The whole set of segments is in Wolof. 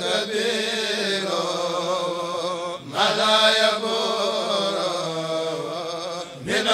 كبير ما لا يبور من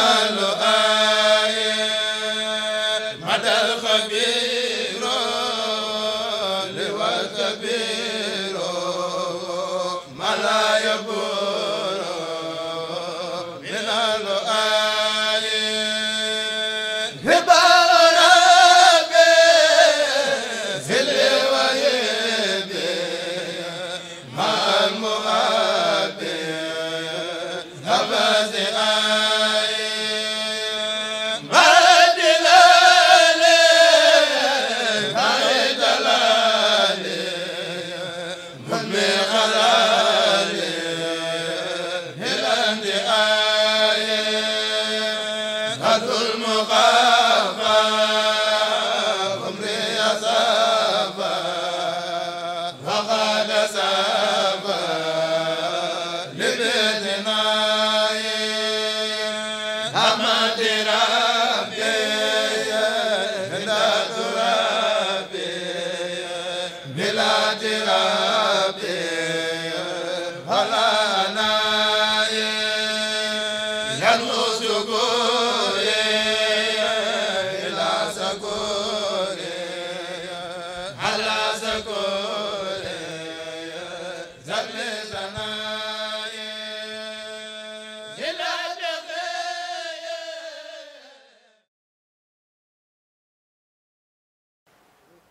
yàlla na yee.